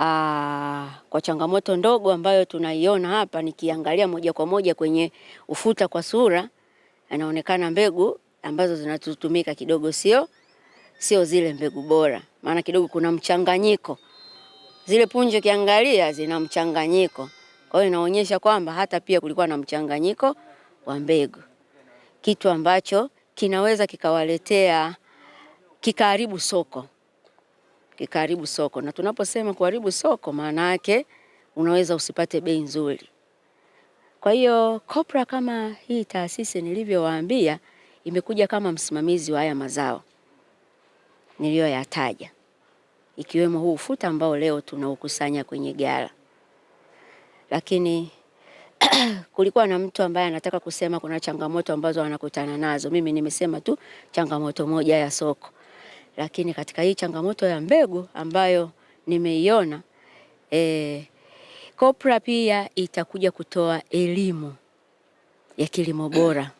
aa, ah, kwa changamoto ndogo ambayo tunaiona hapa, nikiangalia moja kwa moja kwenye ufuta kwa sura, anaonekana mbegu ambazo zinatutumika kidogo sio sio zile mbegu bora, maana kidogo kuna mchanganyiko. Zile punje ukiangalia zina mchanganyiko, kwa hiyo inaonyesha kwamba hata pia kulikuwa na mchanganyiko wa mbegu, kitu ambacho kinaweza kikawaletea kikaharibu soko kikaribu soko. Na tunaposema kuharibu soko, maana yake unaweza usipate bei nzuri. Kwa hiyo kopra kama hii taasisi nilivyowaambia, imekuja kama msimamizi wa haya mazao niliyoyataja, ikiwemo huu ufuta ambao leo tunaukusanya kwenye ghala. Lakini kulikuwa na mtu ambaye anataka kusema kuna changamoto ambazo wanakutana nazo. Mimi nimesema tu changamoto moja ya soko lakini katika hii changamoto ya mbegu ambayo nimeiona eh, kopra pia itakuja kutoa elimu ya kilimo bora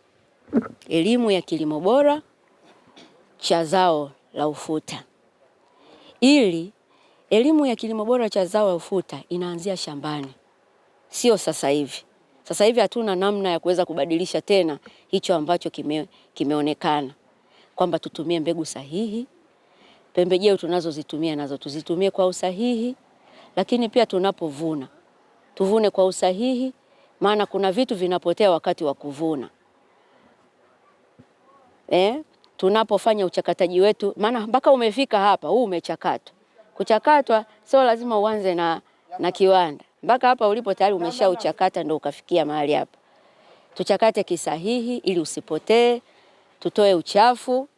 elimu ya kilimo bora cha zao la ufuta, ili elimu ya kilimo bora cha zao la ufuta inaanzia shambani, sio sasa hivi. Sasa hivi hatuna namna ya kuweza kubadilisha tena hicho ambacho kime, kimeonekana kwamba tutumie mbegu sahihi pembejeo tunazozitumia nazo tuzitumie kwa usahihi, lakini pia tunapovuna tuvune kwa usahihi, maana kuna vitu vinapotea wakati wa kuvuna eh? Tunapofanya uchakataji wetu, maana mpaka umefika hapa, huu umechakatwa. Kuchakatwa sio lazima uanze na, na kiwanda. Mpaka hapa ulipo tayari umeshauchakata ndio ukafikia mahali hapa. Tuchakate kisahihi ili usipotee, tutoe uchafu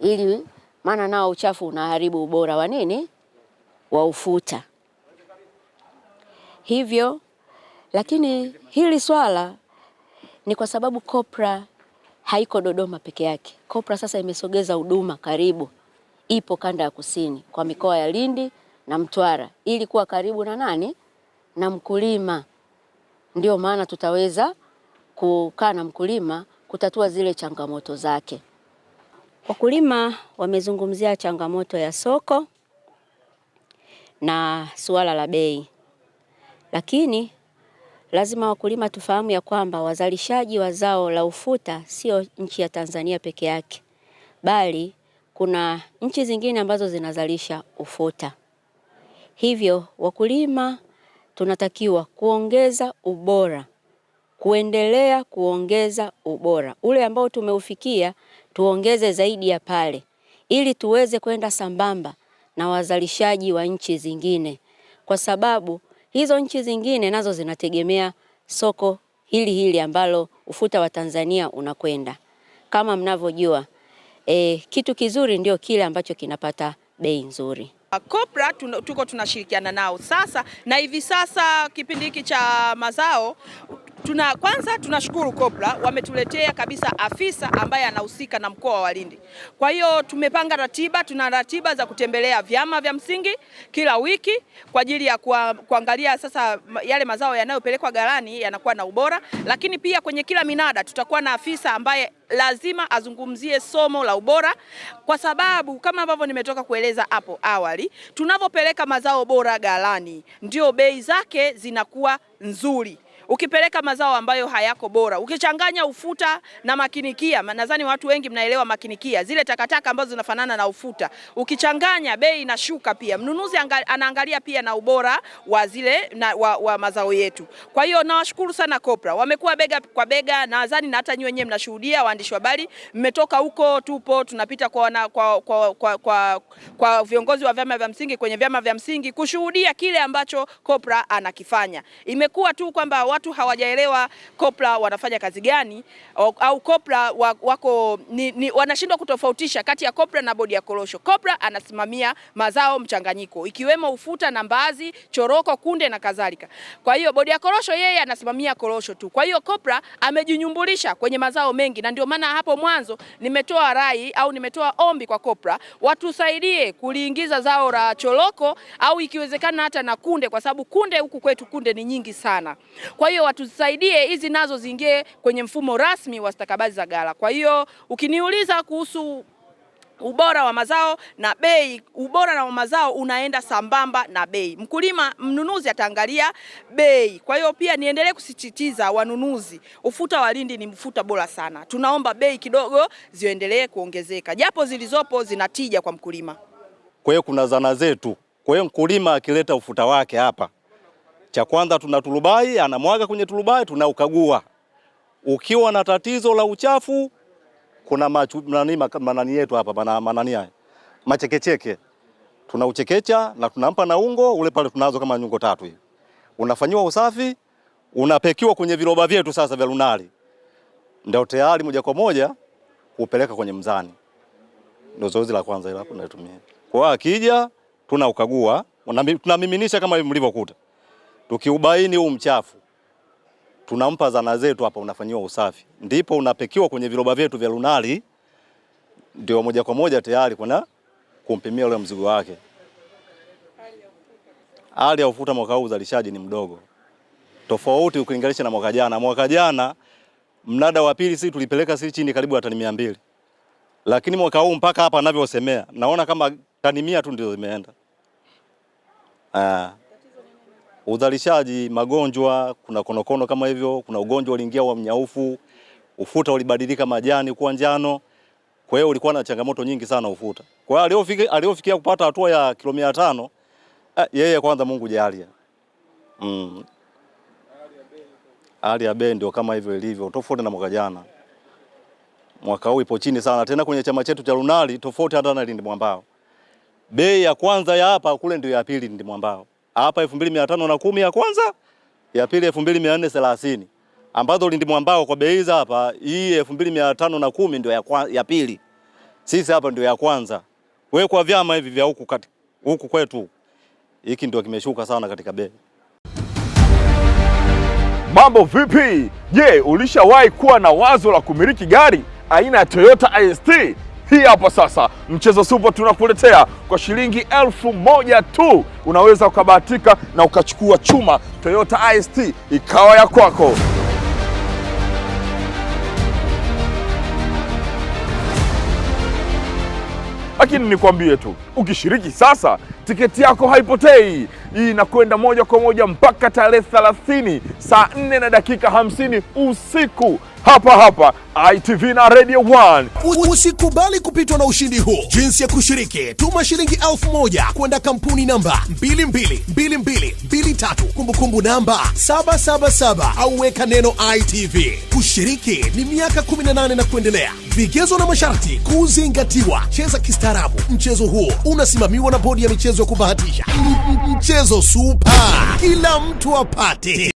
ili maana nao uchafu unaharibu ubora wa nini wa ufuta. Hivyo lakini hili swala ni kwa sababu kopra haiko Dodoma peke yake. Kopra sasa imesogeza huduma karibu, ipo kanda ya kusini kwa mikoa ya Lindi na Mtwara ili kuwa karibu na nani na mkulima. Ndio maana tutaweza kukaa na mkulima kutatua zile changamoto zake. Wakulima wamezungumzia changamoto ya soko na suala la bei, lakini lazima wakulima tufahamu ya kwamba wazalishaji wa zao la ufuta sio nchi ya Tanzania peke yake, bali kuna nchi zingine ambazo zinazalisha ufuta. Hivyo wakulima tunatakiwa kuongeza ubora, kuendelea kuongeza ubora ule ambao tumeufikia tuongeze zaidi ya pale, ili tuweze kwenda sambamba na wazalishaji wa nchi zingine, kwa sababu hizo nchi zingine nazo zinategemea soko hili hili ambalo ufuta wa Tanzania unakwenda. Kama mnavyojua e, kitu kizuri ndio kile ambacho kinapata bei nzuri. Kopra tuko tunashirikiana nao sasa, na hivi sasa kipindi hiki cha mazao Tuna kwanza tunashukuru Kopla wametuletea kabisa afisa ambaye anahusika na mkoa wa Lindi. Kwa hiyo tumepanga ratiba, tuna ratiba za kutembelea vyama vya msingi kila wiki kwa ajili ya kwa, kuangalia sasa yale mazao yanayopelekwa ghalani yanakuwa na ubora, lakini pia kwenye kila minada tutakuwa na afisa ambaye lazima azungumzie somo la ubora, kwa sababu kama ambavyo nimetoka kueleza hapo awali, tunavyopeleka mazao bora ghalani ndio bei zake zinakuwa nzuri ukipeleka mazao ambayo hayako bora, ukichanganya ufuta na makinikia. Nadhani watu wengi mnaelewa makinikia, zile takataka ambazo zinafanana na ufuta, ukichanganya bei inashuka pia. Mnunuzi anaangalia pia na ubora wa zile na, wa, wa mazao yetu. Kwa hiyo nawashukuru sana Kopra, wamekuwa bega kwa bega, nadhani na hata nyinyi wenyewe mnashuhudia, waandishi wa habari mmetoka huko, tupo tunapita kwa, wana, kwa, kwa, kwa, kwa, kwa viongozi wa vyama vya msingi kwenye vyama vya msingi kushuhudia kile ambacho Kopra anakifanya. Imekuwa tu kwamba watu hawajaelewa kopla wanafanya kazi gani au, kopla wako ni, ni, wanashindwa kutofautisha kati ya kopla na bodi ya korosho. Kopla anasimamia mazao mchanganyiko ikiwemo ufuta na mbaazi, choroko, kunde na kadhalika. Kwa hiyo bodi ya korosho yeye anasimamia korosho tu. Kwa hiyo kopla amejinyumbulisha kwenye mazao mengi, na ndio maana hapo mwanzo nimetoa rai au nimetoa ombi kwa kopla watusaidie kuliingiza zao la choroko au ikiwezekana hata na kunde, kwa sababu kunde huku kwetu kunde ni nyingi sana kwa hiyo watusaidie hizi nazo zingie kwenye mfumo rasmi wa stakabadhi za ghala. Kwa hiyo ukiniuliza kuhusu ubora wa mazao na bei, ubora na mazao unaenda sambamba na bei. Mkulima mnunuzi ataangalia bei. Kwa hiyo pia niendelee kusisitiza wanunuzi, ufuta wa Lindi ni mfuta bora sana. Tunaomba bei kidogo ziendelee kuongezeka, japo zilizopo zinatija kwa mkulima. Kwa hiyo kuna zana zetu, kwa hiyo mkulima akileta ufuta wake hapa cha kwanza tuna turubai, anamwaga kwenye turubai, tunaukagua. Ukiwa na tatizo la uchafu, kuna manani manani yetu hapa, manani haya machekecheke, tunauchekecha na tunampa na ungo ule pale, tunazo kama nyungo tatu hivi, unafanywa usafi, unapekiwa kwenye viroba vyetu sasa vya lunari, ndio tayari moja kwa moja upeleka kwenye mzani. Ndio zoezi la kwanza, ile hapo ndio naitumia. Kwa hiyo akija tunaukagua, tunamiminisha kama mlivyokuta. Tukiubaini huu mchafu tunampa zana zetu hapa, unafanyiwa usafi, ndipo unapekiwa kwenye viroba vyetu vya lunali, ndio moja kwa moja tayari kuna kumpimia ule mzigo wake. Hali ya ufuta mwaka huu uzalishaji ni mdogo, tofauti ukilinganisha na mwaka jana. Mwaka jana mnada wa pili sisi tulipeleka sisi chini karibu ya tani mia mbili, lakini mwaka huu mpaka hapa anavyosemea naona kama tani mia tu ndio zimeenda. Ah. Uzalishaji magonjwa, kuna konokono kama hivyo, kuna ugonjwa uliingia wa mnyaufu, ufuta ulibadilika majani kuwa njano. Kwa hiyo ulikuwa na changamoto nyingi sana ufuta. Kwa hiyo aliofikia kupata hatua ya kilo 500 eh, yeye kwanza Mungu jalia. Mm. Hali ya bei ndio kama hivyo ilivyo, tofauti na mwaka jana. Mwaka huu ipo chini sana, tena kwenye chama chetu cha Runali tofauti hata na Lindi Mwambao. Bei ya kwanza ya hapa kule ndio ya pili Lindi Mwambao hapa 2510 ya kwanza, ya pili 2430 ambazo ndimo kwa bei za hapa hii 2510 ndio ya, ya pili. Sisi hapa ndio ya kwanza. Wewe kwa vyama hivi vya huku kati huku kwetu hiki ndio kimeshuka sana katika bei. Mambo vipi? Je, ulishawahi kuwa na wazo la kumiliki gari aina ya Toyota IST? hii hapa sasa, mchezo supo tunakuletea kwa shilingi elfu moja tu, unaweza ukabahatika na ukachukua chuma Toyota IST ikawa ya kwako. Lakini nikwambie tu, ukishiriki sasa, tiketi yako haipotei. Hii inakwenda moja kwa moja mpaka tarehe 30 saa 4 na dakika 50 usiku hapa hapa ITV na Radio 1. Usikubali kupitwa na ushindi huu. Jinsi ya kushiriki: tuma shilingi elfu moja kwenda kampuni namba 222223 kumbukumbu namba 777 au weka neno ITV. Kushiriki ni miaka 18 na kuendelea. Vigezo na masharti kuzingatiwa. Cheza kistaarabu. Mchezo huo unasimamiwa na bodi ya michezo ya kubahatisha. Mchezo super, kila mtu apate.